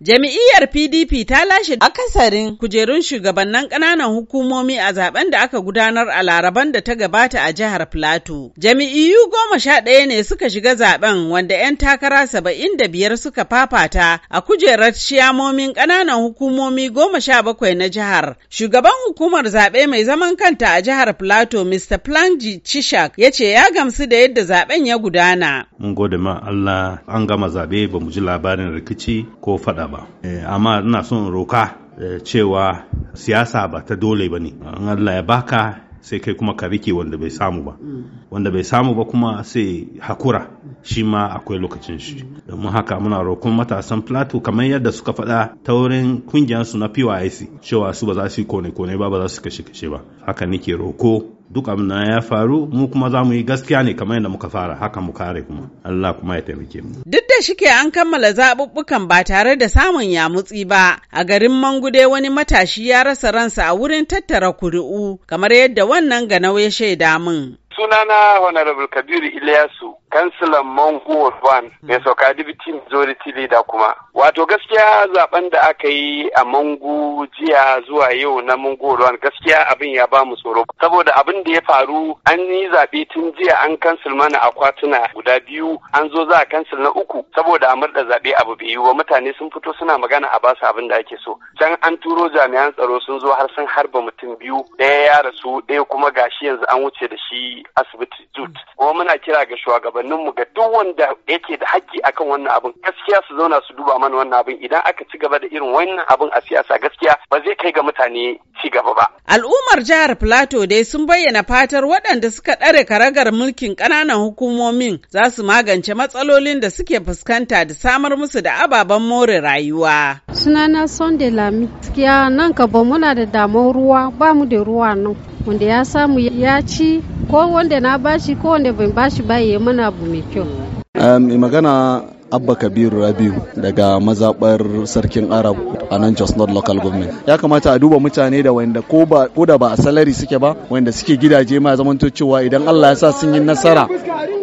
Jami'iyyar PDP ta lashe akasarin kujerun shugabannin ƙananan hukumomi a zaben da aka gudanar a laraban da ta gabata a jihar Filato. Jami'iyyu goma sha ɗaya ne suka shiga zaben wanda 'yan takara saba'in da biyar suka fafata a kujerar shiyamomin ƙananan hukumomi goma sha bakwai na jihar. Shugaban hukumar zaɓe mai zaman kanta a jihar Filato Mr. Planji Chishak ya ce ya gamsu da yadda zaben ya gudana. Mun gode ma Allah an gama zaɓe ba mu ji labarin rikici ko faɗa ba eh, amma ina son roka eh, cewa siyasa ba ta dole ba ne an Allah ya baka sai kai kuma ka rike wanda bai samu ba mm. wanda bai samu ba kuma sai hakura shi ma akwai lokacin shi domin haka muna roƙon matasan plateau kamar yadda suka faɗa ta wurin su na pyc cewa su ba za su kone-kone ba ba za su kashe-kashe ba haka nake roko duk abin da ya faru mu kuma za mu yi gaskiya ne kamar yadda muka fara haka mu kare kuma Allah kuma ya taimake mu duk da shike an kammala zaɓuɓɓukan ba tare da samun yamutsi ba a garin Mangude wani matashi ya rasa ransa a wurin tattara kuri'u kamar yadda wannan ganau ya shaida min sunana honorable Kabiru Ilyasu kansilan mango wan mai hmm. sauka dibiti majority leader kuma wato gaskiya zaben da aka yi a mangu jiya zuwa yau na mango wan gaskiya abin ya ba mu tsoro saboda abin da ya faru an yi zaɓe tun jiya an kansil mana akwatuna guda biyu an zo za a kansil na uku saboda a murɗa zaɓe abu bai yiwu mutane sun fito suna magana a basu abin da ake so can an turo jami'an tsaro sun zo har sun harba mutum biyu ɗaya ya rasu ɗaya kuma gashi yanzu an wuce da shi asibiti jut kuma muna kira ga shugaban shugabanninmu ga duk wanda yake da haƙƙi akan wannan abin gaskiya su zauna su duba mana wannan abin idan aka ci gaba da irin wannan abun a siyasa gaskiya ba zai kai ga mutane ci gaba ba. Al'ummar jihar Plateau dai sun bayyana fatar waɗanda suka ɗare karagar mulkin ƙananan hukumomin za su magance matsalolin da suke fuskanta da samar musu da ababen more rayuwa. Sunana Sunday Lami, gaskiya nan gaba muna da damar ruwa ba mu da ruwa nan wanda ya samu ya ci ko wanda na bashi ko wanda ban bashi ba ya mana abu mai kyau eh, mai magana abba kabiru rabiu daga mazabar sarkin arab a nan jos north local government ya kamata a duba mutane da wanda ko da ba a salari suke ba wanda suke gidaje ma zamanto cewa idan allah ya sa sun yi nasara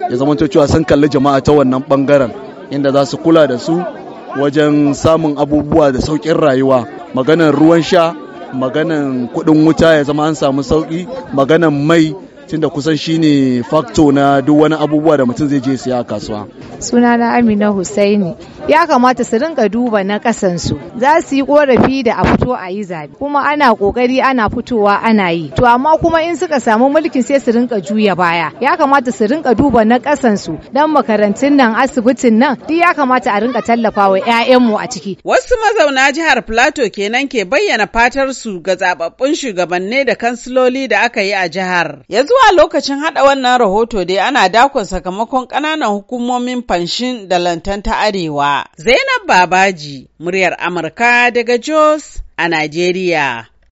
ya zamanto cewa sun kalli jama'a ta wannan bangaren inda za su kula da su wajen samun abubuwa da saukin rayuwa maganar ruwan sha maganan kuɗin wuta ya zama an samu sauki maganan mai tunda kusan shine facto na duk wani abubuwa da mutum zai je siya a kasuwa. Suna na Amina Husaini. Ya kamata su rinka duba na kasansu. Za su yi korafi da a fito a yi zabe. Kuma ana kokari ana fitowa ana yi. To amma kuma in suka samu mulkin sai su rinka juya baya. Ya kamata su rinka duba na kasansu. Dan makarantun nan asibitin nan duk ya kamata a rinka tallafawa 'ya'yanmu a ciki. Wasu mazauna jihar Plateau kenan ke bayyana fatar su ga zababbun shugabanni da kansiloli da aka yi a jihar. Yanzu zuwa lokacin hada wannan rahoto dai ana dakon sakamakon ƙananan hukumomin fanshin da lantan ta arewa. Zainab Babaji, muryar Amurka daga Jos a Najeriya.